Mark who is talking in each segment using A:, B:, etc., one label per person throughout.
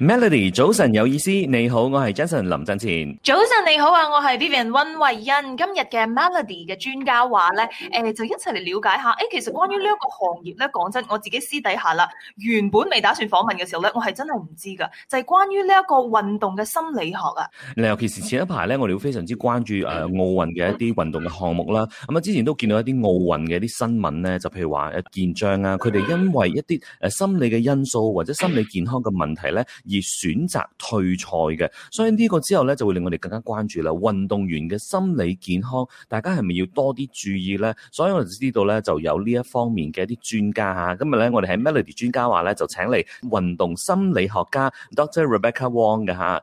A: Melody，早晨有意思，你好，我係 Jason 林振前。
B: 早晨你好啊，我係 Vivian 溫慧欣。今日嘅 Melody 嘅專家話咧，誒、呃、就一齊嚟了解一下。誒、欸、其實關於呢一個行業咧，講真，我自己私底下啦，原本未打算訪問嘅時候咧，我係真係唔知噶。就係、是、關於呢一個運動嘅心理學啊。
A: 尤其是前一排咧，我哋都非常之關注誒奧運嘅一啲運動嘅項目啦。咁、嗯、啊，之前都見到一啲奧運嘅一啲新聞咧，就譬如話誒健將啊，佢哋因為一啲誒心理嘅因素或者心理健康嘅問題咧，而選擇退賽嘅，所以呢個之後呢，就會令我哋更加關注啦。運動員嘅心理健康，大家係咪要多啲注意呢？所以我哋知道呢，就有呢一方面嘅一啲專家吓。今日呢，我哋喺 Melody 專家話呢，就請嚟運動心理學家 Dr Rebecca Wong 嘅吓。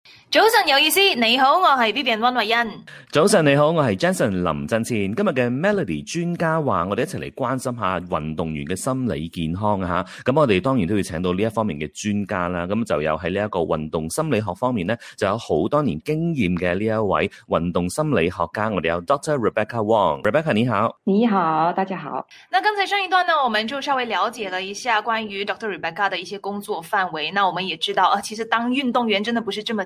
B: 早晨有意思，你好，我係 Vivian 溫慧欣。
A: 早晨你好，我係 Jenson 林振前。今日嘅 Melody 專家話，我哋一齊嚟關心下運動員嘅心理健康吓，咁、嗯、我哋當然都要請到呢一方面嘅專家啦。咁、嗯、就有喺呢一個運動心理學方面呢，就有好多年經驗嘅呢一位運動心理學家。我哋有 Dr Rebecca Wong，Rebecca 你好，你
B: 好，大家好。那剛才上一段呢，我們就稍微了解了一下關於 Dr Rebecca 嘅一些工作範圍。那我們也知道啊，其實當運動員真的不是這麼。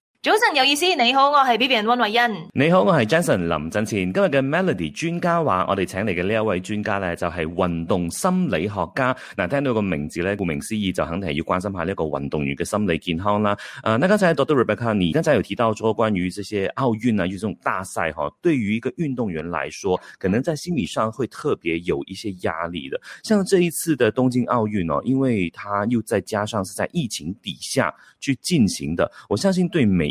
B: 早晨有意思，你好，我係 B B N 溫慧欣。
A: 你好，我係 Jason 林振前。今日嘅 Melody 專家話，我哋請嚟嘅呢一位專家咧，就係、是、運動心理學家。嗱、啊，聽到個名字咧，顧名思義就肯定係要關心下呢個運動員嘅心理健康啦。誒、呃，那剛才 Doctor Rebecca，你剛才有提到說關於這些奧運啊，就是、這種大賽哈，對於一個運動員來說，可能在心理上會特別有一些壓力的。像這一次的東京奧運哦，因為他又再加上是在疫情底下去進行的，我相信對每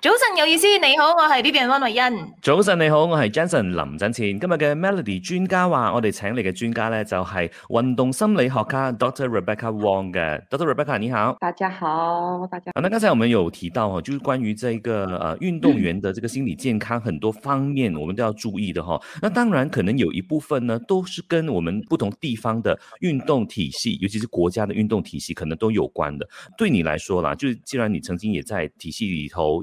B: 早晨有意思，你好，我係呢邊溫慧欣。
A: 早晨你好，我係 Jenson 林振前。今日嘅 Melody 專家話，我哋請嚟嘅專家呢就係運動心理學家 Doctor Rebecca Wong 嘅。Doctor Rebecca 你好，大
C: 家好，大家好。啊、那剛才
A: 我們有提到哦，就是關於這個誒運動員的這個心理健康，很多方面我們都要注意的哈。嗯、那當然可能有一部分呢，都是跟我們不同地方的運動體系，尤其是國家的運動體系，可能都有關的。對你來說啦，就既然你曾經也在體系裏頭。